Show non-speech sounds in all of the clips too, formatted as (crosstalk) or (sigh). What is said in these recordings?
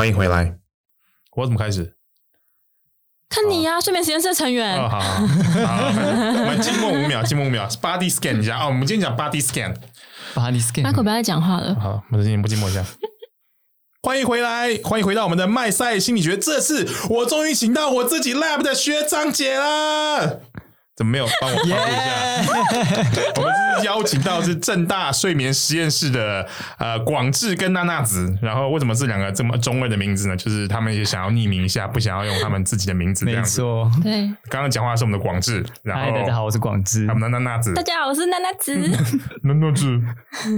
歡迎回來，我怎麼開始？看你呀、啊，睡眠實驗室成員。哦、好，好，好，好 (laughs) 我們靜默五秒，靜默五秒。Body scan 一下啊，我們今天講 Body scan，Body scan。Mike 不要再講話了。好，我們今天不靜默一下。 (laughs) 歡迎回來，歡迎回到我們的麥塞心理學。這次我終於請到我自己 lab 的學長姐啦。怎麼沒有幫我招呼一下？Yeah! (laughs) 我們這是邀請到是政大睡眠實驗室的呃廣治跟娜娜子，然後為什麼是兩個這麼中二的名字呢？就是他們也想要匿名一下，不想要用他們自己的名字這樣子。沒錯，對。剛剛講話是我們的廣治，然後大家好，Hi, 我是廣治。他們的娜娜子，大家好，我是娜娜子。娜 (laughs) 娜子，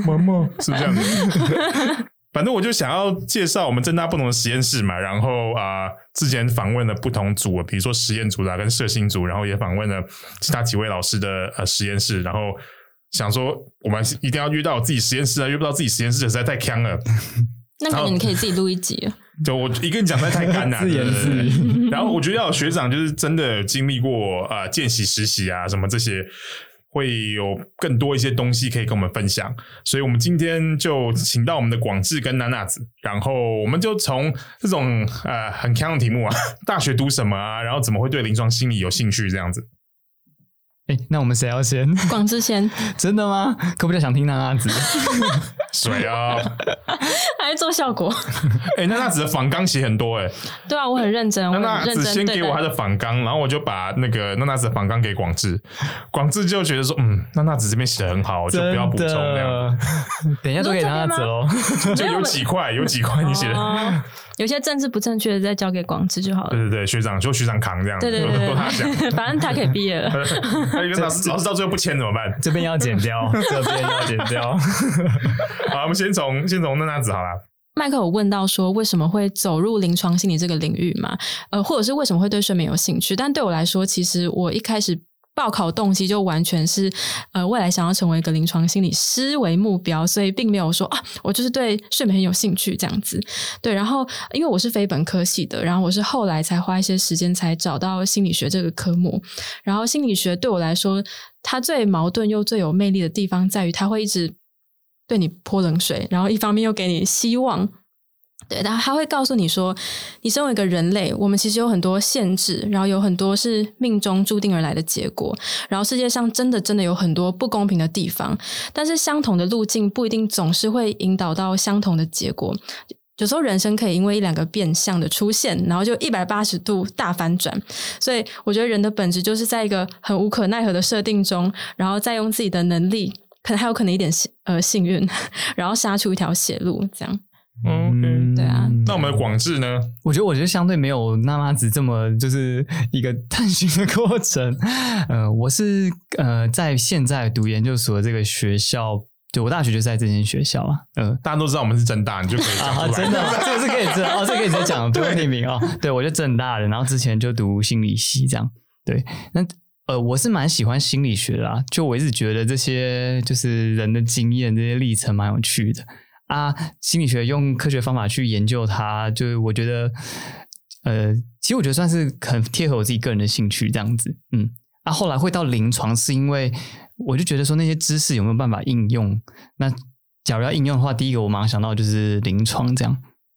媽媽是這樣子。 (laughs) 反正我就想要介紹我們政大不同的實驗室嘛，然後啊、呃、之前訪問了不同組，比如說實驗組啊跟社心組，然後也訪問了其他幾位老師的呃實驗室，然後想說我們一定要遇到自己實驗室啊，遇不到自己實驗室實在太坑了。那可能你可以自己錄一集了。就我一個人講太太乾了， (laughs) 自言自語，對不對 (laughs) 然後我覺得要有學長，就是真的經歷過呃見習實習啊什麼這些。會有更多一些東西可以跟我們分享，所以我們今天就請到我們的廣治跟娜娜子，然後我們就從這種呃很 kind 的題目啊，大學讀什麼啊，然後怎麼會對臨床心理有興趣這樣子。那我們誰要先？廣治先， (laughs) 真的嗎？可不可以想聽娜娜子？誰 (laughs) 啊水、哦？ (laughs) 還做效果？哎、 (laughs) 欸，娜娜子的訪綱寫很多哎、欸。對啊，我很認真。娜娜子先對對對，給我他的訪綱，然後我就把那個娜娜子的訪綱給廣治。廣治就覺得說，嗯，娜娜子這邊寫得很好，就不要補充那樣 (laughs) 等一下都給娜娜子嘍， (laughs) 就有幾塊，有幾塊你寫的。啊有些政治不正確的，再交給廣治就好了。對對對，學長就學長扛這樣。對對對，對，對，都反正他可以畢業了。老師老師到最後不簽怎麼辦？這邊要剪掉， (laughs) 這邊要剪掉。 (laughs) 好，我們先從先從娜娜子好了。麥克有問到說，為什麼會走入臨床心理這個領域嘛？呃，或者是為什麼會對睡眠有興趣？但對我來說，其實我一開始。報考動機就完全是，呃，未來想要成為一個臨床心理師為目標，所以並沒有說啊，我就是對睡眠很有興趣這樣子。對，然後因為我是非本科系的，然後我是後來才花一些時間才找到心理學這個科目。然後心理學對我來說，它最矛盾又最有魅力的地方在於，它會一直對你潑冷水，然後一方面又給你希望。對，然後他會告訴你說，你身為一個人類，我們其實有很多限制，然後有很多是命中注定而來的結果。然後世界上真的真的有很多不公平的地方，但是相同的路徑不一定總是會引導到相同的結果。有時候人生可以因為一兩個變項的出現，然後就一百八十度大反轉。所以我覺得人的本質就是在一個很無可奈何的設定中，然後再用自己的能力，可能還有可能一點幸呃幸運，然後殺出一條血路，這樣。Oh, okay. 嗯，對啊，那我們的廣治呢？我覺得，我覺得相對沒有娜娜子這麼就是一個探尋的過程。呃，我是呃在現在讀研究所的這個學校，就我大學就在這間學校啊。嗯、呃，大家都知道我們是政大，你就可以講、 (laughs) 啊啊、真， (laughs) 真的，哦、這是、個、可以知道，這可以講的，不用匿名啊。對，我就政大的，然後之前就讀心理系，這樣。對，那呃，我是蠻喜歡心理學的啊，就我一直覺得這些就是人的經驗這些歷程蠻有趣的。啊，心理學用科學方法去研究它，就是我覺得，呃，其實我覺得算是很貼合我自己個人的興趣這樣子。嗯，啊，後來會到臨床，是因為我就覺得說那些知識有沒有辦法應用？那假如要應用的話，第一個我馬上想到就是臨床這樣。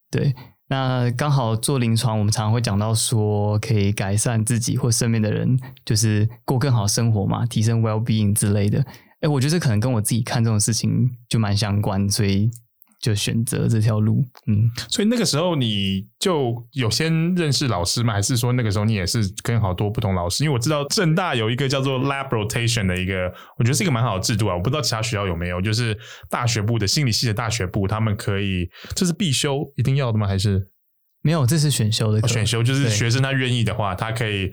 對，那剛好做臨床，我們常常會講到說可以改善自己或身邊的人，就是過更好生活嘛，提升 well-being 之類的。哎，我覺得這可能跟我自己看這種事情就蠻相關，所以，就選擇這條路，嗯，所以那個時候你就有先認識老師嗎？還是說那個時候你也是跟好多不同老師？因為我知道政大有一個叫做 lab rotation 的一個，我覺得是一個蠻好的制度啊。我不知道其他學校有沒有，就是大學部的心理系的大學部，他們可以這是必修一定要的嗎？還是沒有？這是選修的，哦，選修就是學生他願意的話，他可以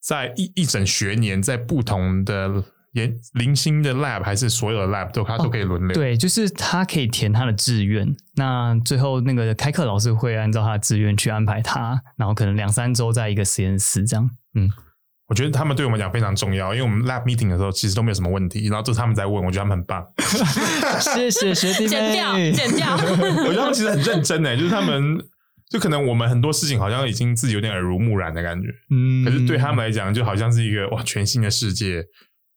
在一一整學年在不同的。連零星的 lab 還是所有的 lab 都、哦、他都可以輪流，對，就是他可以填他的志願，那最後那個開課老師會按照他的志願去安排他，然後可能兩三周在一個實驗室這樣。嗯，我覺得他們對我們講非常重要，因為我們 lab meeting 的時候其實都沒有什麼問題，然後就是他們在問，我覺得他們很棒。 (laughs) (laughs) 是是是，剪掉剪掉。 (laughs) (laughs) 我覺得他們其實很認真呢。就是他們就可能我們很多事情好像已經自己有點耳濡目染的感覺，嗯，可是對他們來講就好像是一個哇全新的世界。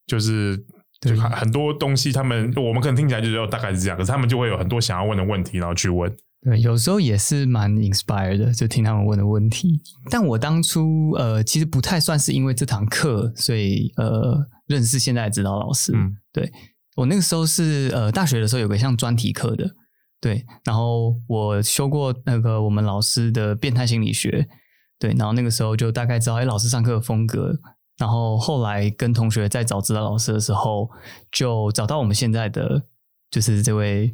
就是，對就很多東西他們我們可能聽起來就大概是這樣，可是他們就會有很多想要問的問題，然後去問。對，有時候也是蠻 inspired 的，就聽他們問的問題。但我當初呃，其實不太算是因為這堂課，所以呃，認識現在的指導老師。嗯，對，我那個時候是呃，大學的時候有個像專題課的，對，然後我修過那個我們老師的變態心理學，對，然後那個時候就大概知道，哎，老師上課的風格。然後後來跟同學在找指導老師的時候，就找到我們現在的就是這位，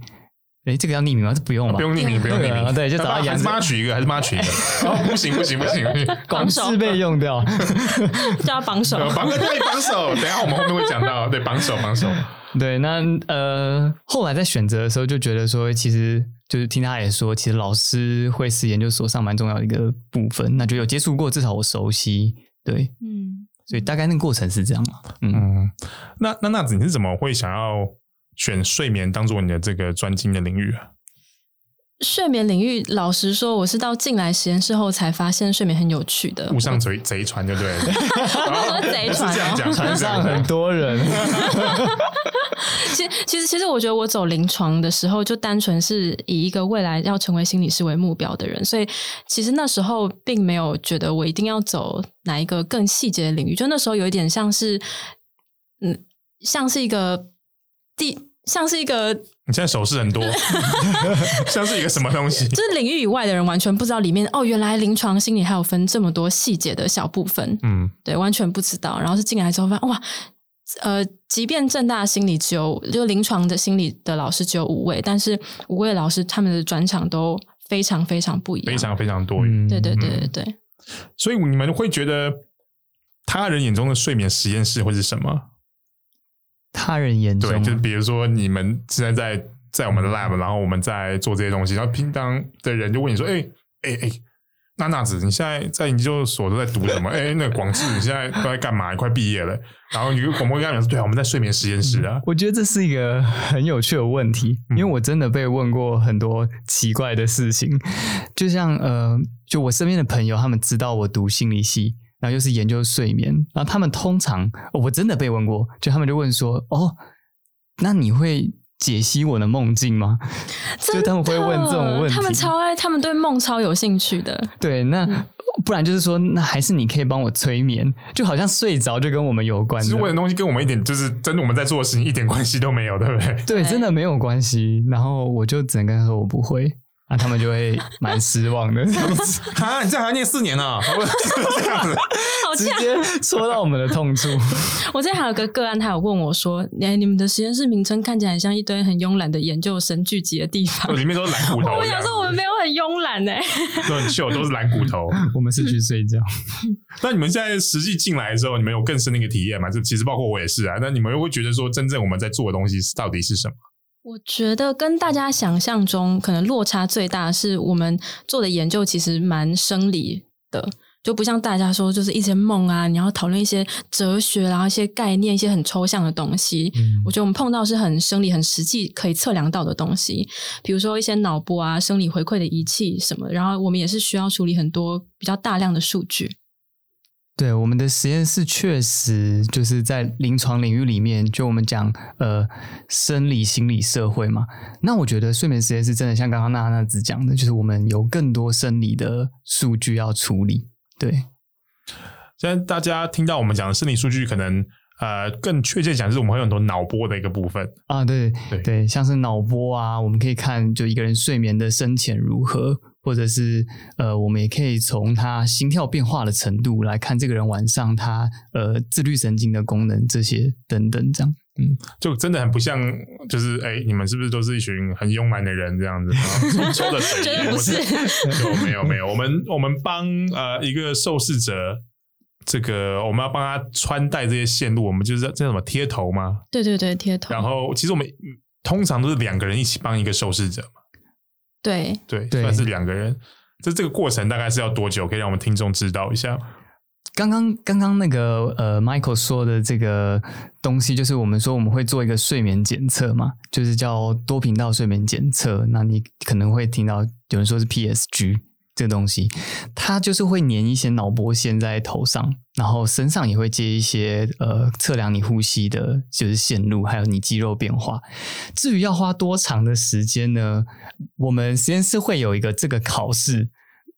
誒這個要匿名嗎？這不用吧、啊？不用匿名，不用匿名。對、啊對、啊對、啊對啊，就找到。媽取一個、哎、還是媽取一個？哦，不行不行不行，榜首是被用掉。 (laughs) (laughs) 叫榜首，榜首對榜、啊、首。 (laughs) 等一下我們後面會講到，對榜首榜首。對，那呃，後來在選擇的時候就覺得說，其實就是聽他也說，其實老師會是研究所上蠻重要的一個部分。那就有接觸過，至少我熟悉。對，嗯。對，大概那個過程是這樣嘛啊。嗯，那，娜娜子，你是怎麼會想要選睡眠當做你的這個專精的領域啊？睡眠領域，老實說，我是到進來實驗室後才發現睡眠很有趣的。賊船就對了 (laughs) 哦、 (laughs) 不像賊賊船，對不對？賊船是這樣講，誤上很多人。 (laughs) 樣 (laughs) 樣 (laughs) 其實，其實，其實，我覺得我走臨床的時候，就單純是以一個未來要成為心理師為目標的人，所以其實那時候並沒有覺得我一定要走哪一個更細節的領域，就那時候有一點像是，嗯，像是一個第。像是一個，你現在手勢很多， (laughs) (laughs) 像是一個什麼東西？就是領域以外的人完全不知道裡面哦，原來臨床心理還有分這麼多細節的小部分，嗯，對，完全不知道。然後是進來之後發現，哇，呃，即便政大的心理只有就臨床的心理的老師只有五位，但是五位老師他們的專長都非常非常不一樣，非常非常多。嗯、對,對對對對對。所以你們會覺得他人眼中的睡眠實驗室會是什麼？他人眼中。對，就是比如說，你們現在在在我們的 lab，嗯、然後我們在做這些東西，然後平常的人就問你說：“哎哎哎，娜娜子，你現在在研究所都在讀什麼？”哎、 (laughs) 欸，那廣治，你現在都在幹嘛？ (laughs) 你快畢業了，然後你廣播一樣，你說：“對啊，我們在睡眠實驗室啊。嗯”我覺得這是一個很有趣的問題，因為我真的被問過很多奇怪的事情，嗯、就像呃，就我身邊的朋友，他們知道我讀心理系。然後就是研究睡眠，然後他們通常、哦、我真的被問過，就他們就問說：“哦，那你會解析我的夢境嗎？”就他們會問這種問題，他們超愛，他們對夢超有興趣的。對，那、嗯、不然就是說，那還是你可以幫我催眠，就好像睡着就跟我們有關。是問的東西跟我們一點就是真的我們在做的事情一點關係都沒有，對不對？對，真的沒有關係。然後我就只能跟他說我不會。那、啊、他們就會蠻失望的。啊， (laughs) 你這樣還要念四年呢、啊？好， (laughs) (laughs) 直接說到我們的痛處。 (laughs) 我現在還有個個案，他有問我說：“哎、欸，你們的實驗室名稱看起來很像一堆很慵懶的研究生聚集的地方，裡面都是懶骨頭。”我想說，我們沒有很慵懶呢。很秀，都是懶骨頭。 (laughs) 我們是去睡覺。那 (laughs) (laughs) 你們現在實際進來的時候，你們有更深的一個體驗嗎？就其實包括我也是啊。那你們又會覺得說，真正我們在做的東西到底是什麼？我覺得跟大家想象中可能落差最大，是我們做的研究其實蠻生理的，就不像大家說就是一些夢啊，然後討論一些哲學啊、一些概念、一些很抽象的東西。嗯，我覺得我們碰到是很生理、很實際可以測量到的東西，比如說一些腦波啊、生理回饋的儀器什麼的，然後我們也是需要處理很多比較大量的數據。對，我們的實驗室確實就是在臨床領域裡面，就我們講呃生理、心理、社會嘛。那我覺得睡眠實驗室真的像剛剛娜娜子講的，就是我們有更多生理的數據要處理。對，現在大家聽到我們講的生理數據，可能呃更確切講，是我們會有很多腦波的一個部分啊對。對，對，像是腦波啊，我們可以看就一個人睡眠的深淺如何。或者是呃，我們也可以從他心跳變化的程度來看，這個人晚上他呃自律神經的功能這些等等，這樣嗯，就真的很不像，就是哎、欸，你們是不是都是一群很慵懶的人這樣子？我 (laughs) 說的水， (laughs) 的不，是不是，沒 (laughs) 有沒有，沒有 (laughs) 我們我們幫呃一個受試者，這個我們要幫他穿戴這些線路，我們就是這叫什麼貼頭嗎？對對對，貼頭。然後其實我們、嗯、通常都是兩個人一起幫一個受試者嘛。對對，算是兩個人。這這個過程大概是要多久？可以讓我們聽眾知道一下。剛剛剛剛那個呃，Michael 說的這個東西，就是我們說我們會做一個睡眠檢測嘛，就是叫多頻道睡眠檢測。那你可能會聽到有人說是 PSG。這個東西，它就是會粘一些腦波線在頭上，然後身上也會接一些呃測量你呼吸的，就是線路，還有你肌肉變化。至於要花多長的時間呢？我們實驗室會有一個這個考試。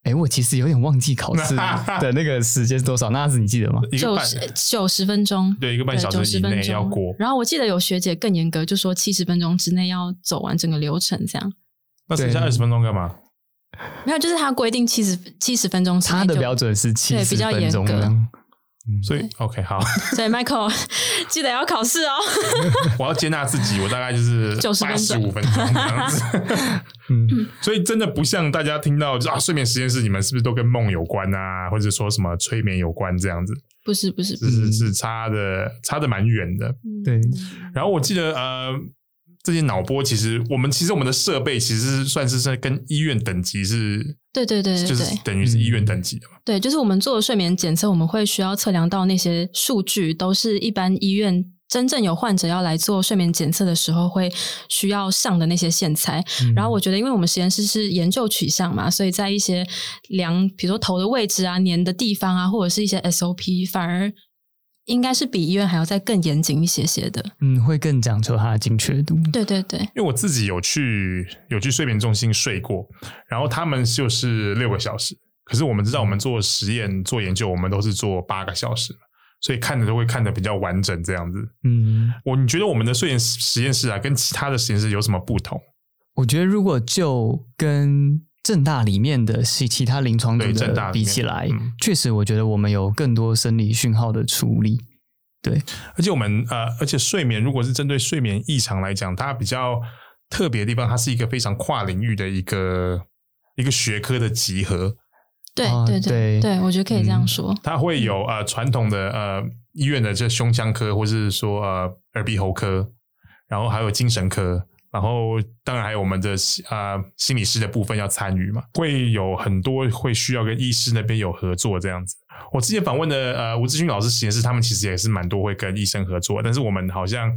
哎，我其實有點忘記考試的 (laughs) 那個時間是多少。那是你記得嗎？九十九十分鐘，對，一個半小時之內要過。然後我記得有學姐更嚴格，就說七十分鐘之內要走完整個流程，這樣。那剩下二十分鐘幹嘛？沒有，就是他規定七十七十分鐘。他的標準是七十分鐘，所以對比較嚴格，OK 好。所以 Michael 記得要考試哦。我要接納自己，我大概就是九十五分鐘這樣子。嗯，所以真的不像大家聽到就是、啊，睡眠實驗室你們是不是都跟夢有關啊，或者說什麼催眠有關這樣子？不是，不是，是，是，是，是差的差的蠻遠的，嗯。對，然後我記得、呃這些腦波其實，我們其實我們的設備其實算是在跟醫院等級是，對對對對對，就是等於是醫院等級的嘛。嗯、對，就是我們做的睡眠檢測，我們會需要測量到那些數據，都是一般醫院真正有患者要來做睡眠檢測的時候會需要上的那些線材。嗯、然後我覺得，因為我們實驗室是研究取向嘛，所以在一些量，比如說頭的位置啊、粘的地方啊，或者是一些 SOP，反而。應該是比醫院還要再更嚴謹一些些的，嗯，會更講究它的精確度。對對對，因為我自己有去有去睡眠中心睡過，然後他們就是六個小時，可是我們知道我們做實驗做研究，我們都是做八個小時，所以看的都會看的比較完整這樣子。嗯，我你覺得我們的睡眠實驗室啊，跟其他的實驗室有什麼不同？我覺得如果就跟。政大裡面的其其他臨床組的比起來、嗯，確實我覺得我們有更多生理訊號的處理。對，而且我們呃，而且睡眠如果是針對睡眠異常來講，它比較特別的地方，它是一個非常跨領域的一個一個學科的集合。對、啊、對對對,對，我覺得可以這樣說。嗯嗯、它會有呃傳統的呃醫院的，這胸腔科或是說呃耳鼻喉科，然後還有精神科。然後，當然還有我們的啊、呃、心理師的部分要參與嘛，會有很多會需要跟醫師那邊有合作這樣子。我之前訪問的呃吳志勳老師實驗室，他們其實也是蠻多會跟醫生合作，但是我們好像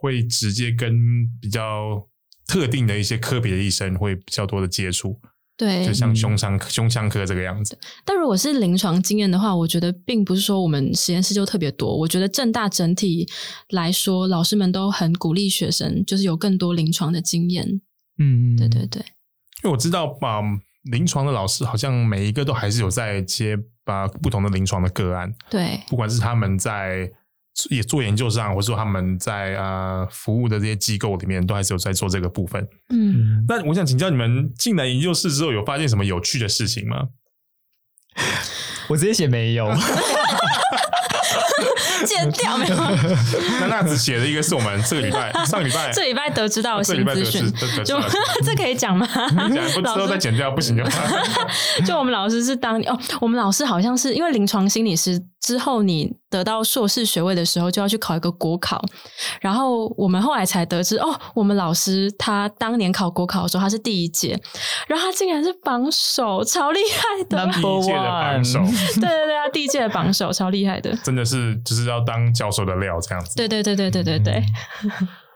會直接跟比較特定的一些科別的醫生會比較多的接觸。對，就像胸腔、嗯、胸腔科這個樣子。但如果是臨床經驗的話，我覺得並不是說我們實驗室就特別多。我覺得政大整體來說，老師們都很鼓勵學生，就是有更多臨床的經驗。嗯嗯，對對對。因為我知道，把、呃、臨床的老師好像每一個都還是有在接把不同的臨床的個案。對，不管是他們在。也做研究上，或者說他們在啊、呃、服務的這些機構裡面，都還是有在做這個部分。嗯，那我想請教你們進來研究室之後，有發現什麼有趣的事情嗎？我直接寫沒有， (laughs) (laughs) (laughs) 剪掉沒有。 (laughs) (laughs) 那娜子寫的一個是我們這個禮拜、上禮拜、這禮拜得知到新資訊、啊，這禮拜得知得，得就 (laughs) 這可以講嗎？講不之後再剪掉不行就。 (laughs) 就我們老師是當 (laughs) 哦，我們老師好像是因為臨床心理師。之後你得到碩士學位的時候，就要去考一個國考。然後我們後來才得知，哦，我們老師他當年考國考的時候，他是第一屆，然後他竟然是榜首，超厲害的。對對對，他第一屆的榜首，對對對啊，第一屆的榜首，超厲害的，真的是就是要當教授的料這樣子。對對對對對對對。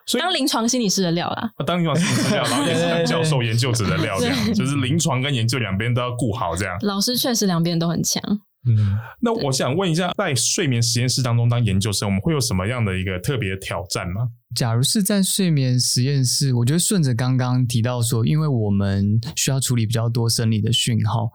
所以 (laughs) (laughs) 當臨床心理師的料啦、啊，當臨床心理師的料，然後也是當教授研究者的料這樣，就是臨床跟研究兩邊都要顧好這樣。老師確實兩邊都很強。嗯，那我想問一下，在睡眠實驗室當中當研究生，我們會有什麼樣的一個特別挑戰嗎？假如是在睡眠實驗室，我覺得順着剛剛提到說，因為我們需要處理比較多生理的訊號，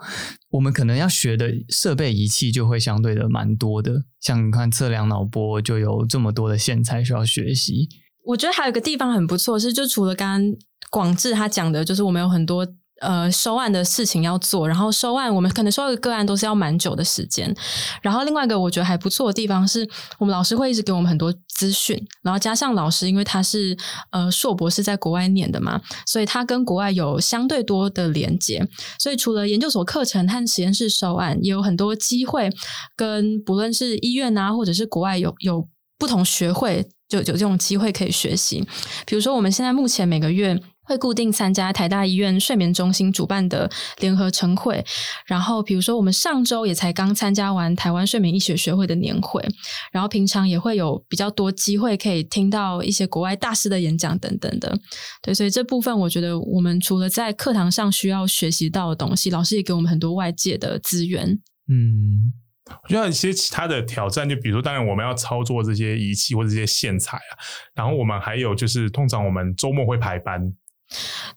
我們可能要學的設備儀器就會相對的蠻多的。像你看測量腦波，就有這麼多的線材需要學習。我覺得還有一個地方很不錯是，就除了剛剛廣治他講的，就是我們有很多。呃，收案的事情要做，然後收案我們可能收到個個案都是要蠻久的時間。然後另外一個我覺得還不錯的地方是我們老師會一直給我們很多資訊，然後加上老師因為他是呃碩博士，在國外念的嘛，所以他跟國外有相對多的連接。所以除了研究所課程和實驗室收案，也有很多機會跟不論是醫院啊，或者是國外有有不同學會，就有這種機會可以學習。比如說我們現在目前每個月。會固定參加台大醫院睡眠中心主辦的聯合晨會，然後比如說我們上周也才剛參加完台灣睡眠醫學學會的年會，然後平常也會有比較多機會可以聽到一些國外大師的演講等等的。對，所以這部分我覺得我們除了在課堂上需要學習到的東西，老師也給我們很多外界的資源。嗯，我覺得有一些其他的挑戰，就比如當然我們要操作這些儀器或者這些線材啊，然後我們還有就是通常我們周末會排班。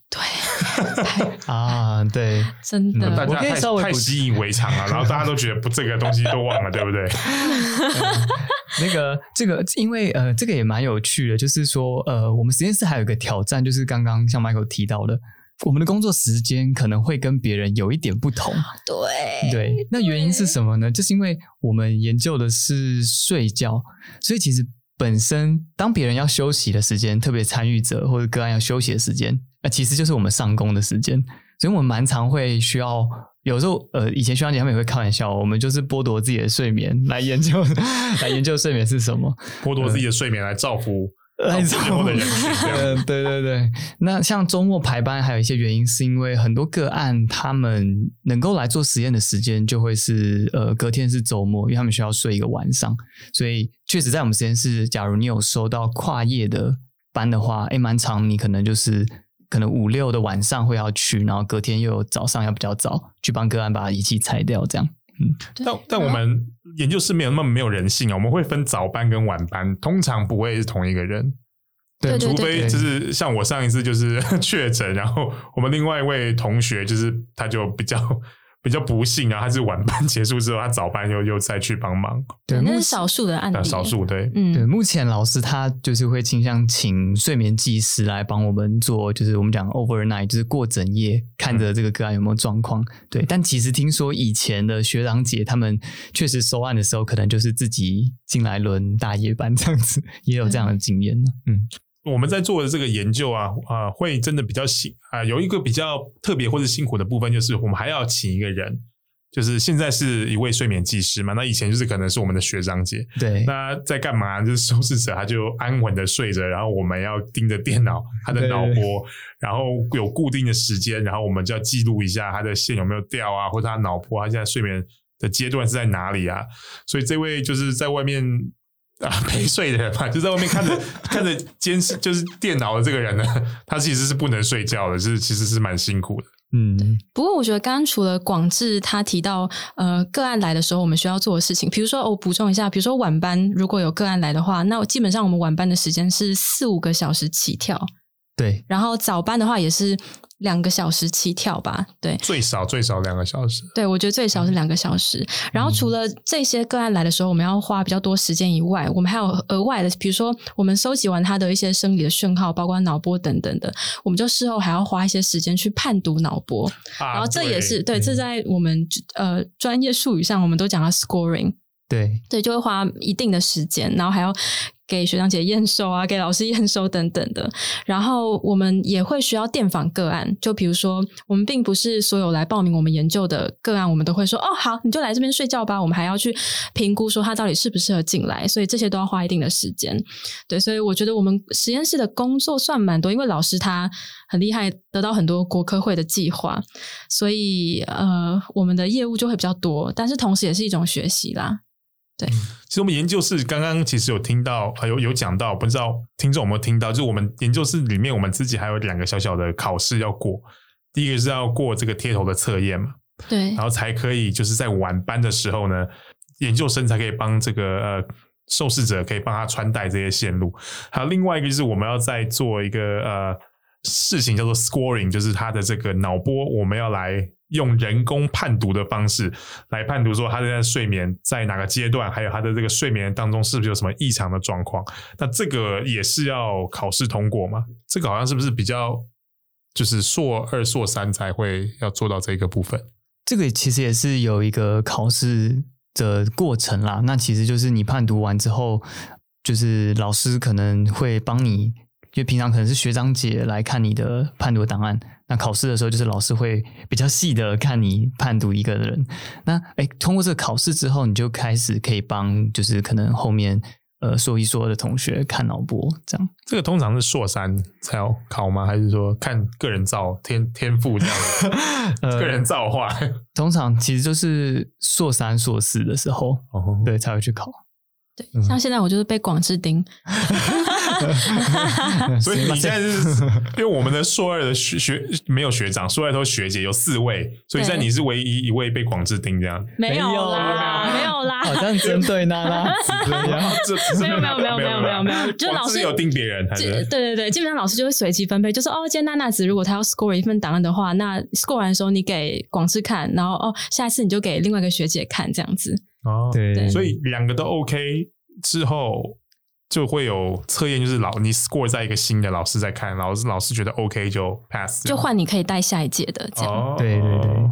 對 (laughs) 啊，對，真的，嗯、我可以稍微太，太習以為常了， (laughs) 然後大家都覺得不，這個東西都忘了， (laughs) 對不對，嗯？那個，這個，因為呃，這個也蠻有趣的，就是說呃，我們實驗室還有一個挑戰，就是剛剛像 Michael 提到的，我們的工作時間可能會跟別人有一點不同。對，對，對那原因是什麼呢？就是因為我們研究的是睡覺，所以其實。本身，當別人要休息的時間，特別參與者或者個案要休息的時間，那、呃、其實就是我們上工的時間，所以我們蠻常會需要。有時候，呃，以前學長姐他們也會開玩笑、哦，我們就是剝奪自己的睡眠來研究， (laughs) 來研究睡眠是什麼，剝奪自己的睡眠來造福來造福人 (laughs) 對，對對對，那像周末排班，還有一些原因，是因為很多個案他們能夠來做實驗的時間，就會是呃隔天是周末，因為他們需要睡一個晚上，所以。確實在我們實驗室，假如你有收到跨夜的班的話，哎，蠻長，你可能就是可能五六的晚上會要去，然後隔天又有早上要比較早去幫個案把儀器拆掉，這樣。嗯，但但我們研究室沒有那麼、嗯、沒有人性啊，我們會分早班跟晚班，通常不會是同一個人，對，除非就是像我上一次就是確診，然後我們另外一位同學就是他就比較。比較不幸啊，他是晚班結束之後，他早班又又再去幫忙。對，那是少數的案例。少數對，嗯，對。目前老師他就是會傾向請睡眠技師來幫我們做，就是我們講 overnight，就是過整夜看着這個個案有沒有狀況。嗯。對，但其實聽說以前的學長姐他們確實收案的時候，可能就是自己進來輪大夜班這樣子，也有這樣的經驗。嗯。嗯我們在做的這個研究啊，啊、呃，會真的比較辛啊、呃，有一個比較特別或者辛苦的部分，就是我們還要請一個人，就是現在是一位睡眠技師嘛。那以前就是可能是我們的學長姐。對。那在幹嘛？就是受試者他就安穩的睡着，然後我們要盯着電腦他的腦波，然後有固定的時間，然後我們就要記錄一下他的線有沒有掉啊，或者他腦波他現在睡眠的階段是在哪裡啊？所以這位就是在外面。啊，沒睡的人嘛，就在外面看着 (laughs) 看着監視，就是電腦的這個人呢，他其實是不能睡覺的，是其實是蠻辛苦的。嗯，不過我覺得剛剛除了廣治他提到，呃，個案來的時候我們需要做的事情，比如說我、哦、補充一下，比如說晚班如果有個案來的話，那我基本上我們晚班的時間是四五個小時起跳。對，然後早班的話也是兩個小時起跳吧，對，最少最少兩個小時。對，我覺得最少是兩個小時。嗯、然後除了這些個案來的時候，我們要花比較多時間以外，我們還有額外的，比如說我們收集完他的一些生理的訊號，包括腦波等等的，我們就事後還要花一些時間去判讀腦波。啊、然後這也是對，對，這在我們、嗯、呃專業術語上，我們都講到 scoring。對對，就會花一定的時間，然後還要。給學長姐驗收啊，給老師驗收等等的。然後我們也會需要電訪個案，就比如說，我們並不是所有來報名我們研究的個案，我們都會說哦，好，你就來這邊睡覺吧。我們還要去評估說他到底適不適合進來，所以這些都要花一定的時間。對，所以我覺得我們實驗室的工作算蠻多，因為老師他很厲害，得到很多國科會的計劃，所以呃，我們的業務就會比較多。但是同時也是一種學習啦。對、嗯，其實我們研究室剛剛其實有聽到，還有有講到，不知道聽眾有沒有聽到？就我們研究室裡面，我們自己還有兩個小小的考試要過。第一個是要過這個貼頭的測驗嘛，對，然後才可以就是在晚班的時候呢，研究生才可以幫這個呃受試者可以幫他穿戴這些線路。還有另外一個就是我們要再做一個呃事情叫做 scoring，就是他的這個腦波，我們要來。用人工判讀的方式來判讀，說他在睡眠在哪個階段，還有他的這個睡眠當中是不是有什麼異常的狀況？那這個也是要考試通過嗎？這個好像是不是比較就是碩二碩三才會要做到這個部分？這個其實也是有一個考試的過程啦。那其實就是你判讀完之後，就是老師可能會幫你，因為平常可能是學長姐來看你的判讀檔案。那考試的時候，就是老師會比較細的看你判讀一個的人。那哎、欸，通過這個考試之後，你就開始可以幫，就是可能後面呃，碩一碩二的同學看腦波這樣。這個通常是碩三才要考嗎？還是說看個人造天天賦這樣、 (laughs) 呃？個人造化。通常其實就是碩三碩四的時候，哦、吼吼對才會去考。對，像現在我就是被廣治盯。 (laughs) (laughs) (laughs) 所以你現在是，因為我們的碩二的學,學沒有學長，碩二的學姐有四位，所以在你是唯一一位被廣治盯這樣，沒有啦，沒有啦， (laughs) 好像針對娜娜子 (laughs) (laughs) 沒有沒有沒有沒有沒有沒有，就是、老師有盯別人還是？對對對，基本上老師就會隨機分配，就是、說哦，今天娜娜子如果她要 score 一份檔案的話，那 score 完的時候你給廣治看，然後哦，下一次你就給另外一個學姐看這樣子。哦，對，對所以兩個都 OK。之後。就會有測驗，就是老你 score 在一個新的老師在看，然後老師覺得 OK 就 pass，就換你可以帶下一屆的這樣，哦，對對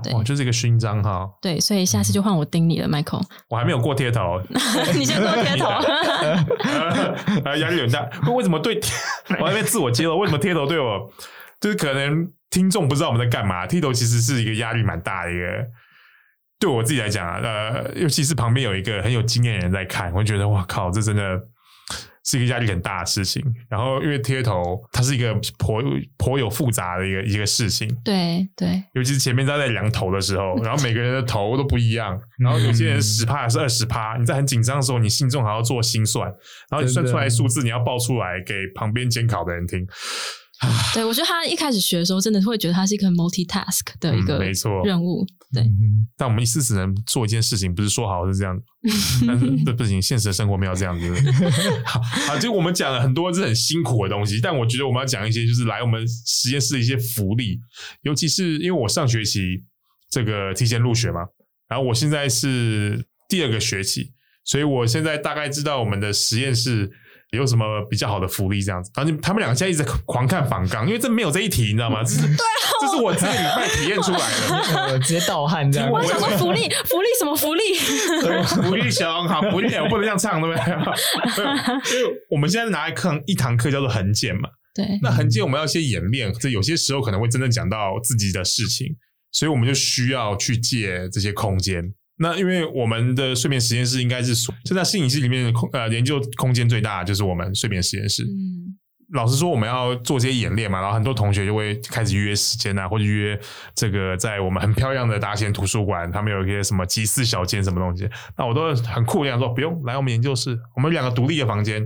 對對，就是一個勳章哈。對，所以下次就換我盯你了，Michael。我還沒有過貼頭、嗯、 (laughs) 頭，你先過貼頭， (laughs) (laughs) 壓力很大。為什麼對？ (laughs) 我還沒自我揭露，為什麼貼頭對我就是，可能聽眾不知道我們在幹嘛？貼頭其實是一個壓力蠻大的一個，對我自己來講啊，呃，尤其是旁邊有一個很有經驗的人在看，我覺得哇靠，這真的。是一個壓力很大的事情，然後因為貼頭，它是一個頗頗有複雜的一個一個事情，對對，尤其是前面大家在量頭的時候，然後每個人的頭都不一樣， (laughs) 然後有些人十趴還是二十趴，你在很緊張的時候，你心中還要做心算，然後你算出來數字對對，你要報出來給旁邊監考的人聽。 (laughs) 對，我覺得他一開始學的時候，真的會覺得他是一個 multitask 的一個、嗯、沒錯任務。對，嗯、但我們一次只能做一件事情，不是說好是這樣 (laughs) 但是不不行，現實生活沒有這樣子。 (laughs) 好，就我們講了很多是很辛苦的東西，但我覺得我們要講一些就是來我們實驗室的一些福利，尤其是因為我上學期這個提前入學嘛，然後我現在是第二個學期，所以我現在大概知道我們的實驗室。也有什麼比較好的福利這樣子？反正他們兩個現在一直狂看反綱，因為這沒有這一題，你知道嗎？嗯、這是，啊、哦，這是我這禮拜體驗出來的，我直接倒汗這樣子。什麼福、福利？福利什麼福利？福利小狼卡，福利、福利 (laughs) 我不能這樣唱對不對？所以我們現在是拿來看一堂課叫做衡鑑嘛。對，那衡鑑我們要先演練，這有些時候可能會真的講到自己的事情，所以我們就需要去借這些空間。那因為我們的睡眠實驗室應該是所在實驗室裡面的空呃、研究空間最大的，就是我們睡眠實驗室。嗯。老師說我們要做這些演練嘛，然後很多同學就會開始約時間吶、啊，或者約這個在我們很漂亮的達賢圖書館，他們有一些什麼集市小間什麼東西，那我都很酷，我想說不用來我們研究室，我們兩個獨立的房間。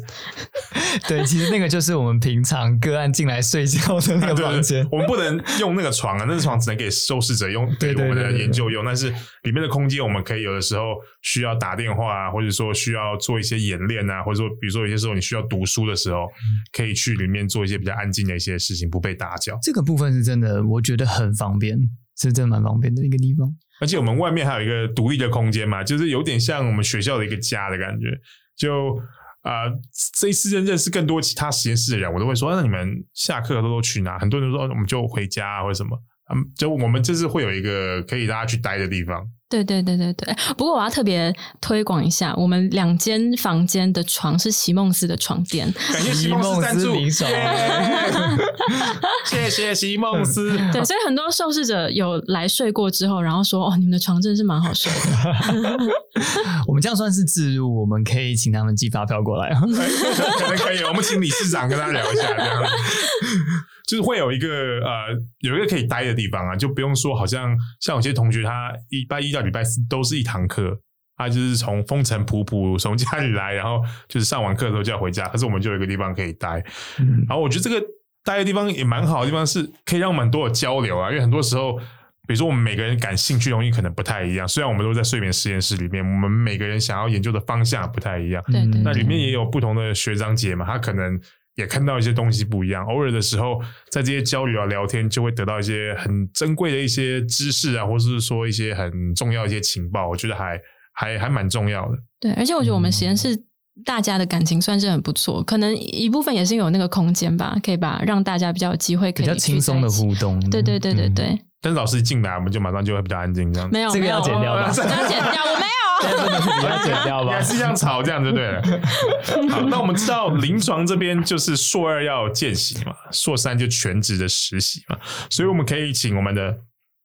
對，其實那個就是我們平常個案進來睡覺的那個房間、 (laughs) 啊對，我們不能用那個床啊，那個床只能給受試者用， (laughs) 對，對，對，對，對，對我們的研究用。但是裡面的空間，我們可以有的時候需要打電話啊，或者說需要做一些演練啊，或者說比如說有些時候你需要讀書的時候，可以去。裡面做一些比較安靜的一些事情，不被打攪。這個部分是真的，我覺得很方便，是真的蠻方便的一個地方。而且我們外面還有一個獨立的空間嘛，就是有點像我們學校的一個家的感覺。就啊，呃，這一次認識更多其他實驗室的人，我都會說，啊，那你們下課都都去哪？很多人都說，啊，我們就回家，啊，或者什麼。嗯，啊，就我們這次會有一個可以大家去待的地方。對對對對對，不過我要特別推廣一下，我們兩間房間的床是席夢思的床墊，感謝席夢思贊助， (laughs) Yeah (laughs) 謝謝席夢思。對，所以很多受試者有來睡過之後，然後說哦，你們的床真的是蠻好睡的。 (laughs) (laughs) 我們這樣算是置入，我們可以請他們寄發票過來、 (laughs) 欸可，可能可以，我們請李市長跟他聊一下這樣。 (laughs) (laughs) 就是會有一個呃，有一個可以待的地方啊，就不用說好像像有些同學他禮拜一到禮拜四都是一堂課，他就是從風塵僕僕從家裡來，然後就是上完課之後就要回家。可是我們就有一個地方可以待。嗯，然後我覺得這個待的地方也蠻好的地方是可以讓蠻多的交流啊，因為很多時候，比如說我們每個人感興趣的東西可能不太一樣，雖然我們都在睡眠實驗室裡面，我們每個人想要研究的方向不太一樣，嗯，那裡面也有不同的學長姐嘛，他可能。也看到一些東西不一樣，偶爾的時候在這些交流啊、聊天，就會得到一些很珍貴的一些知識啊，或是說一些很重要的一些情報，我覺得還還還蠻重要的。對，而且我覺得我們實驗室大家的感情算是很不錯，嗯，可能一部分也是有那個空間吧，可以吧，讓大家比較有機會可以比較輕鬆的互動。對對對對對。嗯、但是老師一進來，我們就馬上就會比較安靜這樣。沒有，沒有，這個要剪掉的，要剪掉。 (laughs) (laughs) 真的是你要剪掉吧，還是像草這樣就對了。 (laughs) 好，那我們知道臨床這邊就是碩二要見習嘛，碩三就全職的實習嘛，所以我們可以請我們的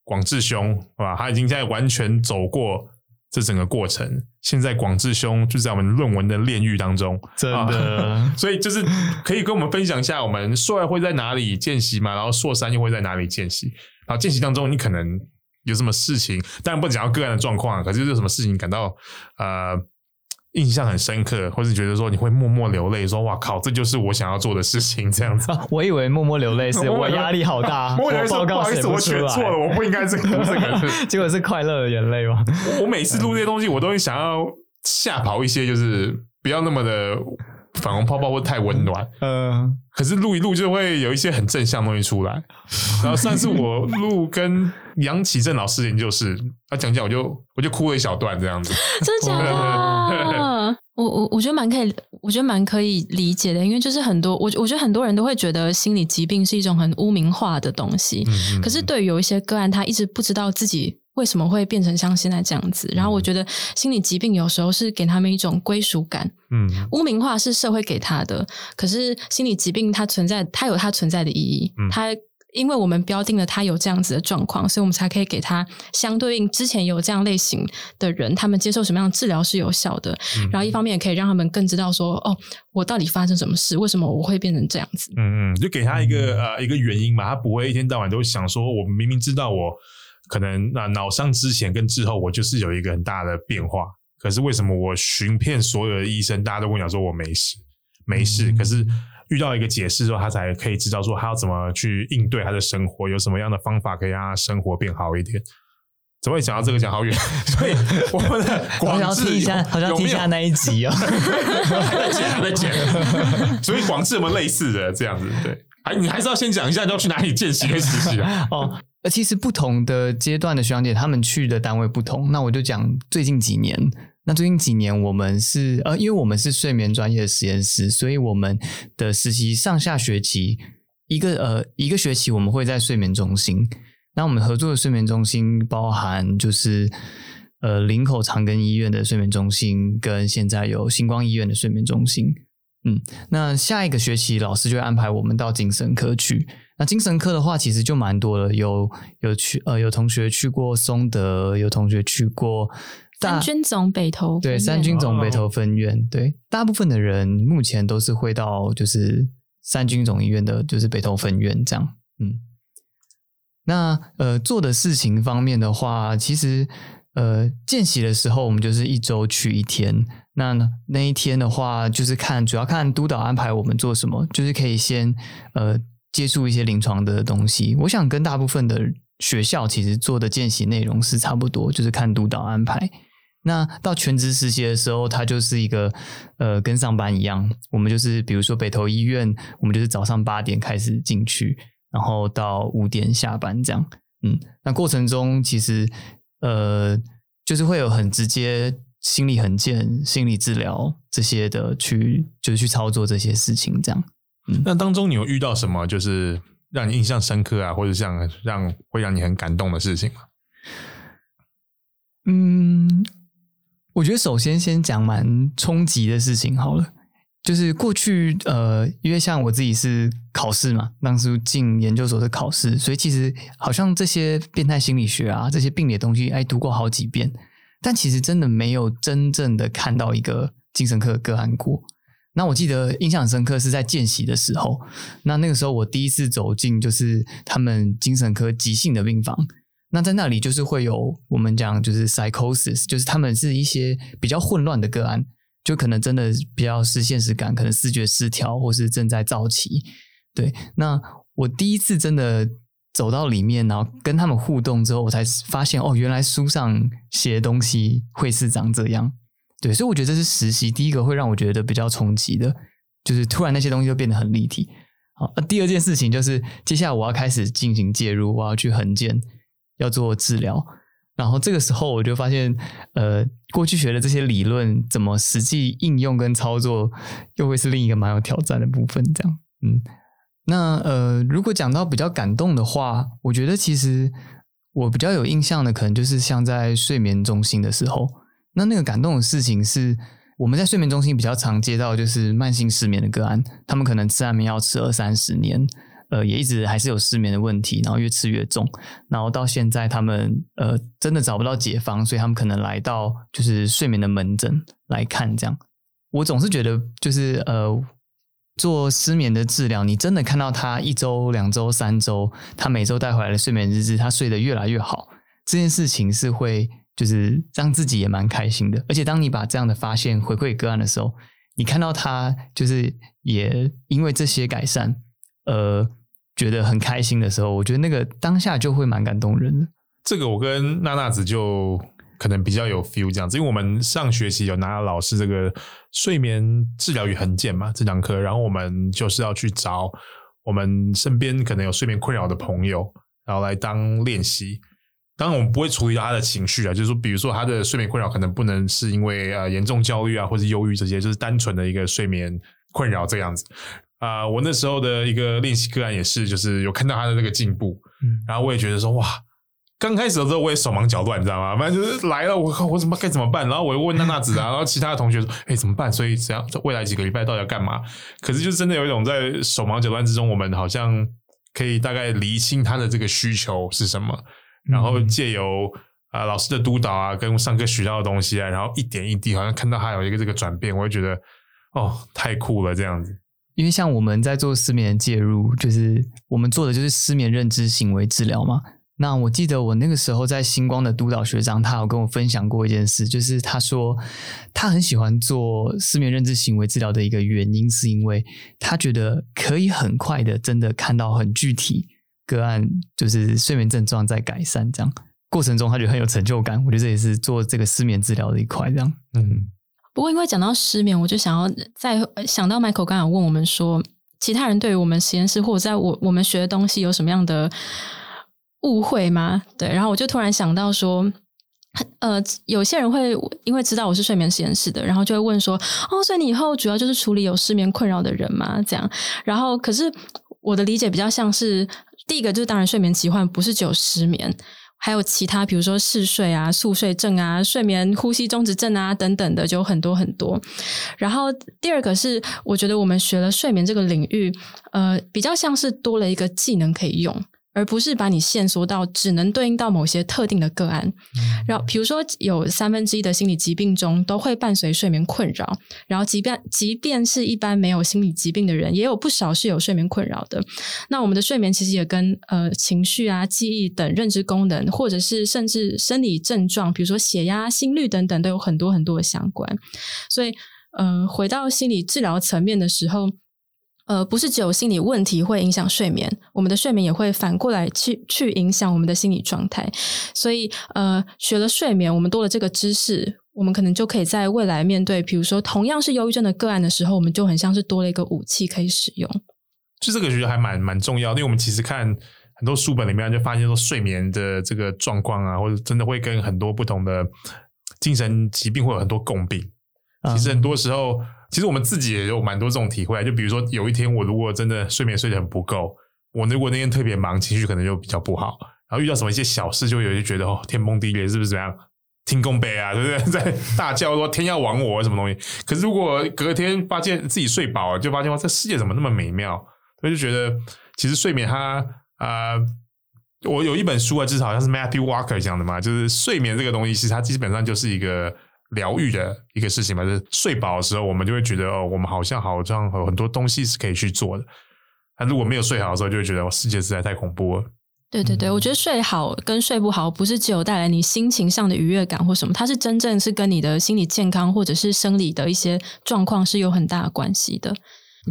廣治兄，是吧？他已經在完全走過這整個過程，現在廣治兄就在我們論文的煉獄當中，真的。啊、所以就是可以跟我們分享一下，我們碩二會在哪裡見習嘛，然後碩三又會在哪裡見習？啊，見習當中你可能。有什麼事情？但不講到個人的狀況，可是有什麼事情感到呃印象很深刻，或是覺得說你會默默流淚，說哇靠，這就是我想要做的事情這樣子。啊。我以為默默流淚是，oh、我壓力好大，啊、我報告寫不出來。不好意思，我選錯了，我不應該是這個。 (laughs) 結果是快樂的眼淚嗎？我每次錄這些東西，我都會想要嚇跑一些，就是不要那麼的。粉紅泡泡會太溫暖，嗯，呃、可是錄一錄就會有一些很正向的東西出來，然後上次我錄跟楊啟正老師，連就是他講講， (laughs) 啊、講講我就我就哭了一小段這樣子。真的假的？ (laughs) 我我我覺得蠻可以，我覺得蠻可以理解的，因為就是很多我我覺得很多人都會覺得心理疾病是一種很污名化的東西，嗯嗯，可是對於有一些個案，他一直不知道自己。為什麼會變成像現在這樣子？然後我覺得心理疾病有時候是給他們一種歸屬感。嗯，污名化是社會給他的，可是心理疾病它存在，它有它存在的意義。嗯，它因為我們標定了它有這樣子的狀況，所以我們才可以給他相對應，之前有這樣類型的人，他們接受什麼樣的治療是有效的，嗯。然後一方面也可以讓他們更知道說，哦，我到底發生什麼事？為什麼我會變成這樣子？嗯嗯，就給他一個，嗯，呃一個原因嘛，他不會一天到晚都想說，我明明知道我。可能那腦傷之前跟之後，我就是有一個很大的變化。可是為什麼我尋遍所有的醫生，大家都跟我講說我沒事，沒事，嗯。可是遇到一個解釋之後，他才可以知道說他要怎麼去應對他的生活，有什麼樣的方法可以讓他生活變好一點。怎麼會想到這個想好遠？ (laughs) 所以我們的廣治好像聽一下那一集哦，在 (laughs) 剪 (laughs) 在剪。還在剪 (laughs) 所以廣治有，沒有類似的這樣子對。哎，你還是要先講一下你要去哪裡見習跟實習啊？ (laughs) 哦，那其實不同的階段的學長姐他們去的單位不同。那我就講最近幾年。那最近幾年我們是呃，因為我們是睡眠專業的實驗室，所以我們的實習上下學期一個呃一個學期我們會在睡眠中心。那我們合作的睡眠中心包含就是呃林口長庚醫院的睡眠中心，跟現在有新光醫院的睡眠中心。嗯，那下一個學期老師就會安排我們到精神科去。那精神科的話，其實就蠻多了，有有去呃有同學去過松德，有同學去過三軍總北投，對三軍總北投分院，對。哦。對，大部分的人目前都是會到就是三軍總醫院的，就是北投分院這樣。嗯，那呃做的事情方面的話，其實。呃，見習的時候，我們就是一周去一天。那那一天的話，就是看主要看督導安排我們做什麼，就是可以先呃接觸一些臨床的東西。我想跟大部分的學校其實做的見習內容是差不多，就是看督導安排。那到全職實習的時候，它就是一個呃跟上班一樣，我們就是比如說北投醫院，我們就是早上八點開始進去，然後到五點下班這樣。嗯，那過程中其實。呃，就是會有很直接心理衡鑑、心理治療這些的去，就是去操作這些事情，這樣，嗯。那當中你有遇到什麼，就是讓你印象深刻啊，或者像讓會讓你很感動的事情嗎？嗯，我覺得首先先講蠻衝擊的事情好了。就是過去，呃，因為像我自己是考試嘛，當初進研究所的考試，所以其實好像這些變態心理學啊，這些病理的東西，哎，讀過好幾遍，但其實真的沒有真正的看到一個精神科的個案過。那我記得印象深刻是在見習的時候，那那個時候我第一次走進就是他們精神科急性的病房，那在那裡就是會有我們講就是 psychosis，就是他們是一些比較混亂的個案。就可能真的比較失現實感，可能思覺失調，或是正在躁期。對，那我第一次真的走到裡面，然後跟他們互動之後，我才發現哦，原來書上寫的東西會是長這樣。對，所以我覺得這是實習第一個會讓我覺得比較衝擊的，就是突然那些東西就變得很立體。好，啊、第二件事情就是接下來我要開始進行介入，我要去衡鑑，要做治療。然後這個時候我就發現，呃，過去學的這些理論怎麼實際應用跟操作，又會是另一個蠻有挑戰的部分。這樣，嗯，那呃，如果講到比較感動的話，我覺得其實我比較有印象的，可能就是像在睡眠中心的時候，那那個感動的事情是，我們在睡眠中心比較常接到就是慢性失眠的個案，他們可能吃安眠藥吃二三十年。呃，也一直還是有失眠的問題，然後越吃越重，然後到現在他們呃真的找不到解方，所以他們可能來到就是睡眠的門診來看這樣。我總是覺得就是呃做失眠的治療，你真的看到他一周、兩周、三周，他每周帶回來的睡眠日志，他睡得越來越好，這件事情是會就是讓自己也蠻開心的。而且當你把這樣的發現回饋個案的時候，你看到他就是也因為這些改善，呃。覺得很開心的時候，我覺得那個當下就會蠻感動人的。這個我跟娜娜子就可能比較有 feel 這樣子，因為我們上學期有拿了老師這個睡眠治療與衡鑑嘛這兩科，然後我們就是要去找我們身邊可能有睡眠困擾的朋友，然後來當練習。當然，我們不會處理到他的情緒啊，就是說比如說他的睡眠困擾可能不能是因為、呃、嚴重焦慮啊，或者是憂鬱這些，就是單純的一個睡眠困擾這樣子。啊、呃，我那時候的一個練習個案也是，就是有看到他的這個進步、嗯，然後我也覺得說哇，剛開始的時候我也手忙腳亂，你知道嗎？反正就是來了，我靠，我怎麼該怎麼辦？然後我又問娜娜子啊， (laughs) 然後其他的同學說，哎、欸，怎麼辦？所以這樣，未來幾個禮拜到底要幹嘛？可是就是真的有一種在手忙腳亂之中，我們好像可以大概釐清他的這個需求是什麼，嗯、然後借由啊、呃、老師的督導啊，跟上課學到的東西啊，然後一點一滴，好像看到他有一個這個轉變，我就覺得哦，太酷了，這樣子。因為像我們在做失眠介入，就是我們做的就是失眠認知行為治療嘛。那我記得我那個時候在星光的督導學長，他有跟我分享過一件事，就是他說他很喜歡做失眠認知行為治療的一個原因，是因為他覺得可以很快的真的看到很具體個案，就是睡眠症狀在改善，這樣過程中他覺得很有成就感。我覺得這也是做這個失眠治療的一塊，這樣，嗯。不過因為講到失眠，我就想要再想到 Michael 剛剛問我們說，其他人對於我們實驗室或者在我我們學的東西有什麼樣的誤會嗎？對，然後我就突然想到說，呃，有些人會因為知道我是睡眠實驗室的，然後就會問說，哦，所以你以後主要就是處理有失眠困擾的人嗎？這樣，然後可是我的理解比較像是，第一個就是當然睡眠疾患不是只有失眠。還有其他，比如說嗜睡啊、猝睡症啊、睡眠呼吸中止症啊等等的，就很多很多。然後第二個是，我覺得我們學了睡眠這個領域，呃，比較像是多了一個技能可以用。而不是把你限縮到只能對應到某些特定的個案，然後比如說有三分之一的心理疾病中都會伴隨睡眠困擾，然後即便即便是一般沒有心理疾病的人，也有不少是有睡眠困擾的。那我們的睡眠其實也跟呃情緒啊、記憶等認知功能，或者是甚至生理症狀，比如說血壓、心率等等，都有很多很多的相關。所以，嗯、呃，回到心理治療層面的時候。呃，不是只有心理問題會影響睡眠，我們的睡眠也會反過來去去影響我們的心理狀態。所以，呃，學了睡眠，我們多了這個知識，我們可能就可以在未來面對，比如說同樣是憂鬱症的個案的時候，我們就很像是多了一個武器可以使用。就這個我覺得還蠻蠻重要，因為我們其實看很多書本裡面就發現說，睡眠的這個狀況啊，或者真的會跟很多不同的精神疾病會有很多共病。其實很多時候。嗯其實我們自己也有蠻多這種體會，就比如說有一天我如果真的睡眠睡得很不夠，我如果那天特別忙，情緒可能就比較不好，然後遇到什麼一些小事，就有些覺得哦天崩地裂是不是怎樣，天公伯啊，對不對，在大叫說天要亡我什麼東西？可是如果隔天發現自己睡飽了，就發現哇，這世界怎麼那麼美妙？我就覺得其實睡眠它啊、呃，我有一本書啊，就是好像是 Matthew Walker 講的嘛，就是睡眠這個東西，其實它基本上就是一個。療癒的一個事情嘛，就是睡飽的時候，我們就會覺得哦，我們好像好像有很多東西是可以去做的。但如果沒有睡好的時候，就會覺得，哦，世界實在太恐怖了。對對對，嗯，我覺得睡好跟睡不好不是只有帶來你心情上的愉悅感或什麼，它是真正是跟你的心理健康或者是生理的一些狀況是有很大的關係的。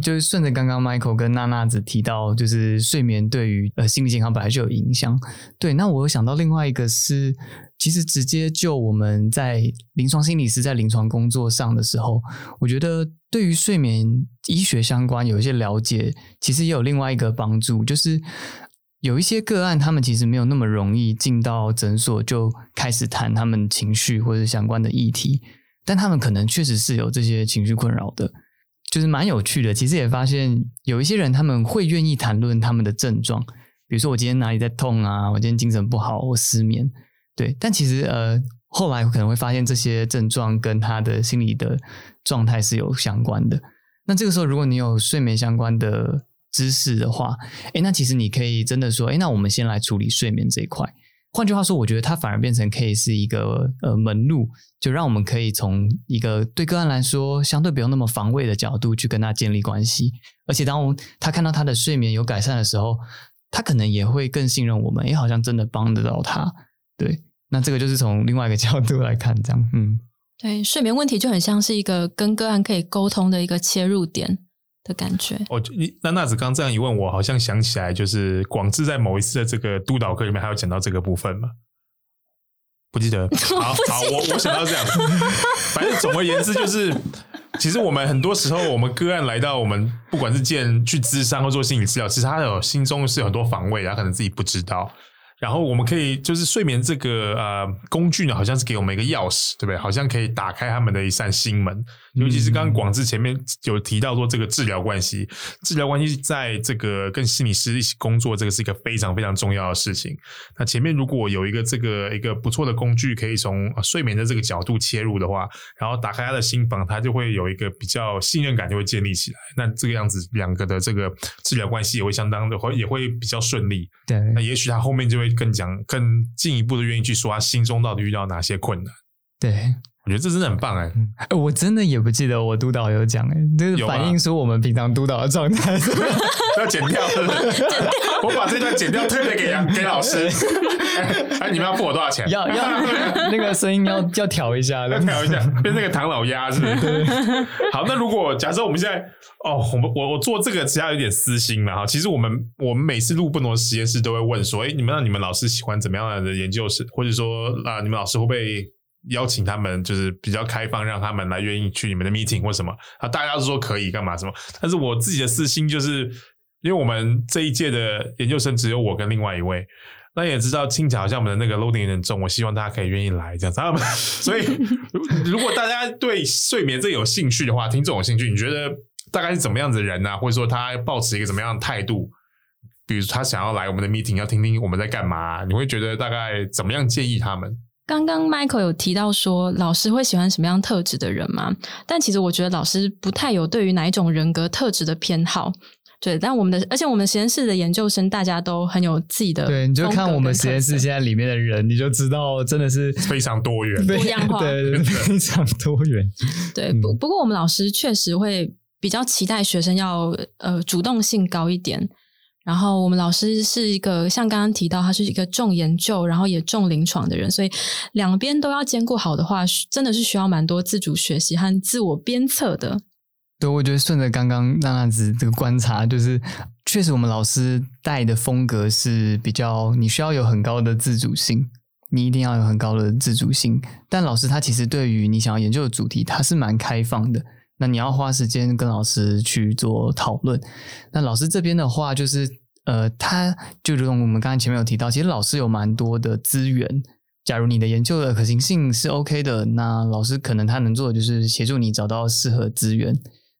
就是順着剛剛 Michael 跟娜娜子提到，就是睡眠對於呃心理健康本來就有影響。對，那我想到另外一個是，其實直接就我們在臨床心理師在臨床工作上的時候，我覺得對於睡眠醫學相關有一些了解，其實也有另外一個幫助，就是有一些個案他們其實沒有那麼容易進到診所就開始談他們情緒或者相關的議題，但他們可能確實是有這些情緒困擾的。就是蠻有趣的，其實也發現有一些人他們會願意談論他們的症狀，比如說我今天哪裡在痛啊，我今天精神不好，我失眠，對。但其實呃，後來可能會發現這些症狀跟他的心理的狀態是有相關的。那這個時候，如果你有睡眠相關的知識的話，誒，那其實你可以真的說，誒，那我們先來處理睡眠這一塊。換句話說，我覺得它反而變成可以是一個呃門路。就讓我們可以從一個對個案來說相對不用那麼防衛的角度去跟他建立關係，而且當他看到他的睡眠有改善的時候，他可能也會更信任我們，也好像真的幫得到他。對，那這個就是從另外一個角度來看，這樣，嗯，對，睡眠問題就很像是一個跟個案可以溝通的一個切入點的感覺。哦，你娜娜子剛這樣一問，我好像想起來，就是廣治在某一次的這個督導課裡面，還有講到這個部分嘛。不記得，好得好，好，我我想到這樣。 (laughs) 反正總而言之，就是 (laughs) 其實我們很多時候，我們個案來到我們不管是見去諮商，或做心理治療，其實他有心中是有很多防衛，他可能自己不知道。然後我們可以就是睡眠這個呃工具呢，好像是給我們一個鑰匙，對不對？好像可以打開他們的一扇心門。尤其是剛剛廣治前面有提到說，這個治療關係，治療關係在這個跟心理師一起工作，這個是一個非常非常重要的事情。那前面如果有一個這個一個不錯的工具，可以從睡眠的這個角度切入的話，然後打開他的心房，他就會有一個比較信任感，就會建立起來。那這個樣子，兩個的這個治療關係也會相當的，也會比較順利。對，那也許他後面就會更講，更進一步的願意去說，他心中到底遇到哪些困難。對。我覺得這真的很棒哎、欸欸！我真的也不記得我督導有講哎、欸，就是反映說我們平常督導的狀態、啊、 (laughs) 要剪掉是是， (laughs) (laughs) (laughs) 我把這段剪掉退給給老師。哎、 (laughs) 欸欸，你們要付我多少錢？要 (laughs) 要 (laughs) 那個聲音要 (laughs) 要調一下，要調一下，變那個唐老鴨是不是？ (laughs) 好，那如果假設我們現在哦，我們我我做這個其實有點私心嘛哈。其實我們我們每次錄不同的實驗室都會問說，哎、欸，你們讓你，你們老師喜歡怎麼樣的研究室，或者說啊，你們老師會不會？邀請他們就是比較開放，讓他們來願意去你們的 meeting 或什麼啊，大家都說可以幹嘛什麼？但是我自己的私心就是，因為我們這一屆的研究生只有我跟另外一位，那也知道聽起來好像我們的那個 loading 有點重，我希望大家可以願意來這樣子、啊。所以如果大家對睡眠這有興趣的話， (laughs) 聽眾有興趣，你覺得大概是怎麼樣子的人呢、啊？或者說他抱持一個怎麼樣的態度？比如說他想要來我們的 meeting，要聽聽我們在幹嘛？你會覺得大概怎麼樣建議他們？剛剛 Michael 有提到說，老師會喜歡什麼樣特質的人嗎？但其實我覺得老師不太有對於哪一種人格特質的偏好。對，但我們的，而且我們實驗室的研究生大家都很有自己的，對，你就看我們實驗室現在裡面的人，你就知道真的是非常多元、多非,非常多元。對，嗯、不不過我們老師確實會比較期待學生要呃主動性高一點。然後我們老師是一個像剛剛提到，他是一個重研究，然後也重臨床的人，所以兩邊都要兼顧好的話，真的是需要蠻多自主學習和自我鞭策的。對，我覺得順着剛剛娜娜子這個觀察，就是確實我們老師帶的風格是比較，你需要有很高的自主性，你一定要有很高的自主性。但老師他其實對於你想要研究的主題，他是蠻開放的。那你要花時間跟老師去做討論。那老師這邊的話，就是呃，他就如同我們剛才前面有提到，其實老師有蠻多的資源。假如你的研究的可行性是 OK 的，那老師可能他能做的就是協助你找到適合資源。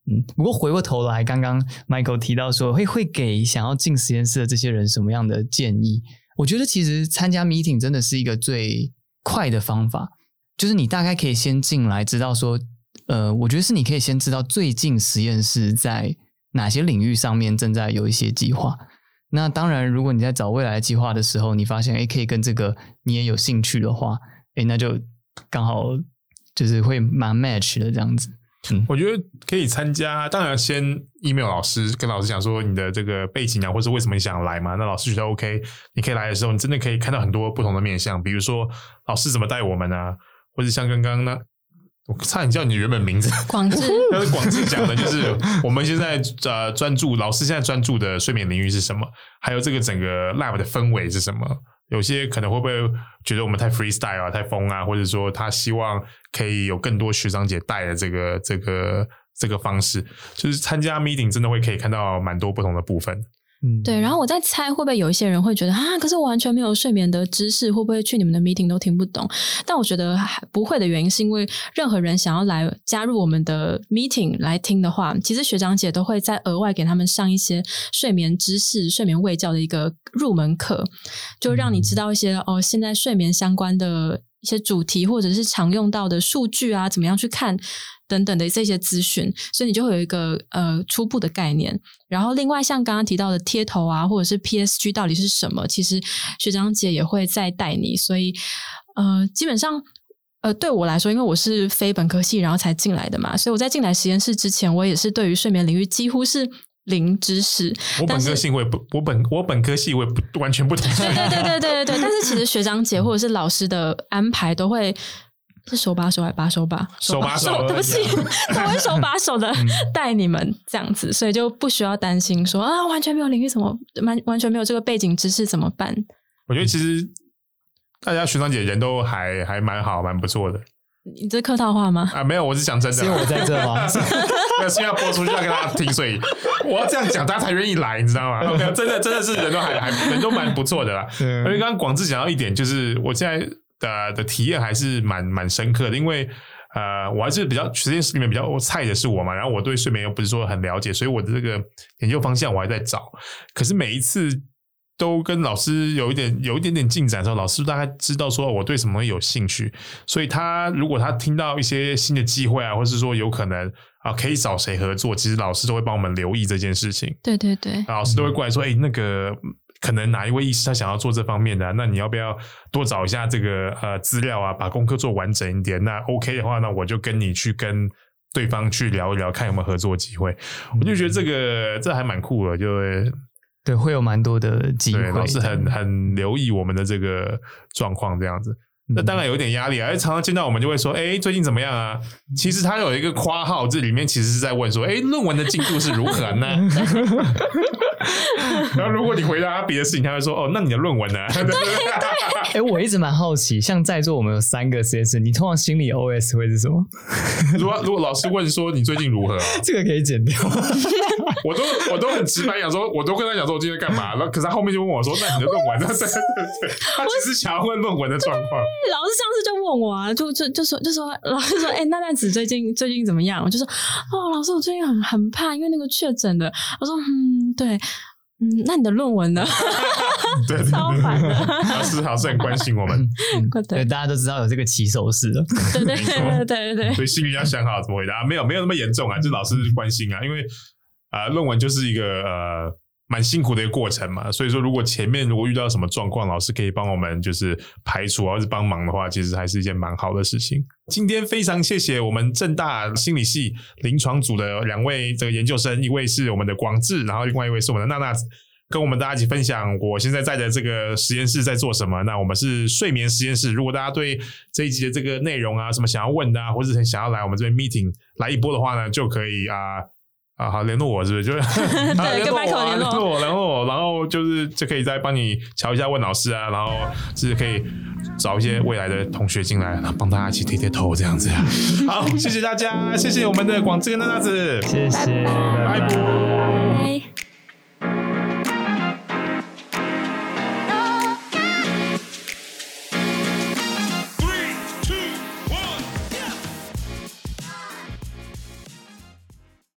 嗯，不過回過頭來，剛剛 Michael 提到說，會會給想要進實驗室的這些人什麼樣的建議？我覺得其實參加 meeting 真的是一個最快的方法，就是你大概可以先進來，知道說。呃，我覺得是你可以先知道最近實驗室在哪些領域上面正在有一些計劃。那當然，如果你在找未來計劃的時候，你發現哎可以跟這個你也有興趣的話誒，那就剛好就是會蠻 match 的這樣子，嗯。我覺得可以參加，當然先 email 老師，跟老師講說你的這個背景啊，或者是為什麼你想來嘛。那老師覺得 OK，你可以來的時候，你真的可以看到很多不同的面向，比如說老師怎麼帶我們啊，或者像剛剛呢。我差點叫你原本名字，廣治。要是廣治講的，就是我們現在 (laughs) 呃，專注，老師現在專注的睡眠領域是什麼？還有這個整個 lab 的氛圍是什麼？有些可能會不會覺得我們太 freestyle 啊，太瘋啊，或者說他希望可以有更多學長姐帶的這個這個這個方式，就是參加 meeting 真的會可以看到蠻多不同的部分。嗯，對，然後我在猜會不會有一些人會覺得啊，可是我完全沒有睡眠的知識，會不會去你們的 meeting 都聽不懂？但我覺得還不會的原因是因為任何人想要來加入我們的 meeting 來聽的話，其實學長姐都會再額外給他們上一些睡眠知識、睡眠衛教的一個入門課，就讓你知道一些、嗯、哦，現在睡眠相關的。一些主題或者是常用到的數據啊，怎麼樣去看等等的這些資訊，所以你就會有一個呃初步的概念。然後另外像剛剛提到的貼頭啊，或者是 PSG 到底是什麼，其實學長姐也會再帶你。所以呃，基本上呃對我來說，因為我是非本科系然後才進來的嘛，所以我在進來實驗室之前，我也是對於睡眠領域幾乎是。零知識，我本科系我也不，我本我本，我本科系我也不完全不懂。對對對對對對 (laughs) 但是其實學長姐或者是老師的安排都會是手把手，還把手把手把，手，把手，手，手，手，對不起，他 (laughs) 會手把手的帶你們這樣子，所以就不需要擔心說，啊，完全沒有領域，怎麼完完全沒有這個背景知識怎麼辦？我覺得其實大家學長姐人都還還蠻好，蠻不錯的。你這是客套話嗎？啊，沒有，我是講真的。因為我在這嘛，是因為要播出去要給大家聽，所以我要這樣講，大家才願意來，你知道嗎？真的，真的是人都還還人都蠻不錯的啦。而且剛剛廣治講到一點，就是我現在的的體驗還是蠻蠻深刻的，因為呃，我還是比較實驗室裡面比較菜的是我嘛，然後我對睡眠又不是說很了解，所以我的這個研究方向我還在找。可是每一次。都跟老師有一點有一點點進展的時候，老師大概知道說我對什麼有興趣，所以他如果他聽到一些新的機會啊，或是說有可能啊可以找誰合作，其實老師都會幫我們留意這件事情。對對對，老師都會過來說，哎、嗯欸，那個可能哪一位醫師他想要做這方面的、啊，那你要不要多找一下這個呃資料啊，把功課做完整一點？那 OK 的話，那我就跟你去跟對方去聊一聊，看有沒有合作機會、嗯。我就覺得這個這還蠻酷的，就。對，會有蠻多的機會，老師很很留意我們的這個狀況，這樣子、嗯。那當然有點壓力啊，而且常常見到我們就會說：“哎、欸，最近怎麼樣啊？”嗯、其實他有一個括號，這裡面其實是在問說：“哎、欸，論文的進度是如何呢？” (laughs) (laughs) 然後如果你回答他別的事情，他會說：“哦，那你的論文呢、啊？”對對對、 (laughs) 欸。我一直蠻好奇，像在座我們有三個 CS 你通常心理 OS 會是什麼？如果,如果老師問說你最近如何、啊， (laughs) 這個可以剪掉。 (laughs) 我都我都很直白講說，我都跟他講說我今天在幹嘛。然後可是他後面就問我說：“那你的論文呢？” (laughs) 他只是想要問論文的狀況。老師上次就問我啊，就就就說就說老師說：“哎、欸，娜娜子最近最近怎麼樣？”我就說：“哦，老師，我最近很很怕，因為那個確診的。”我說：“嗯，對。”嗯，那你的論文呢？ (laughs) 對,對,對，超煩。老師還是很關心我們， (laughs) 嗯嗯、對,對,對,對大家都知道有這個起手式，對對對對對， (laughs) 對對對對所以心裡要想好怎麼回答。啊、沒有沒有那麼嚴重啊，這、就是、老師關心啊，因為啊，論、呃、文就是一個呃。蠻辛苦的一個過程嘛，所以說如果前面如果遇到什麼狀況，老師可以幫我們就是排除，或是幫忙的話，其實還是一件蠻好的事情。今天非常謝謝我們政大心理系臨床組的兩位這個研究生，一位是我們的廣治，然後另外一位是我們的娜娜，跟我們大家一起分享我現在在的這個實驗室在做什麼。那我們是睡眠實驗室，如果大家對這一集的這個內容啊，什麼想要問的啊，或者是想要來我們這邊 meeting 來一波的話呢，就可以啊。啊，好，聯絡我是不是？就是，聯、 (laughs) 啊、絡我、啊，聯絡我，然後 (laughs) 然後就是就可以再幫你瞧一下問老師啊，然後就是可以找一些未來的同學進來，然後幫大家一起貼貼頭這樣子。 (laughs) 好，謝謝大家， (laughs) 謝謝我們的廣治跟娜娜子，謝謝，嗯、拜拜。拜拜拜拜。